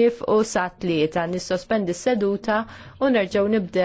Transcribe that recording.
jif u sa tlieta nissospendi s-seduta u nerġgħu nibdew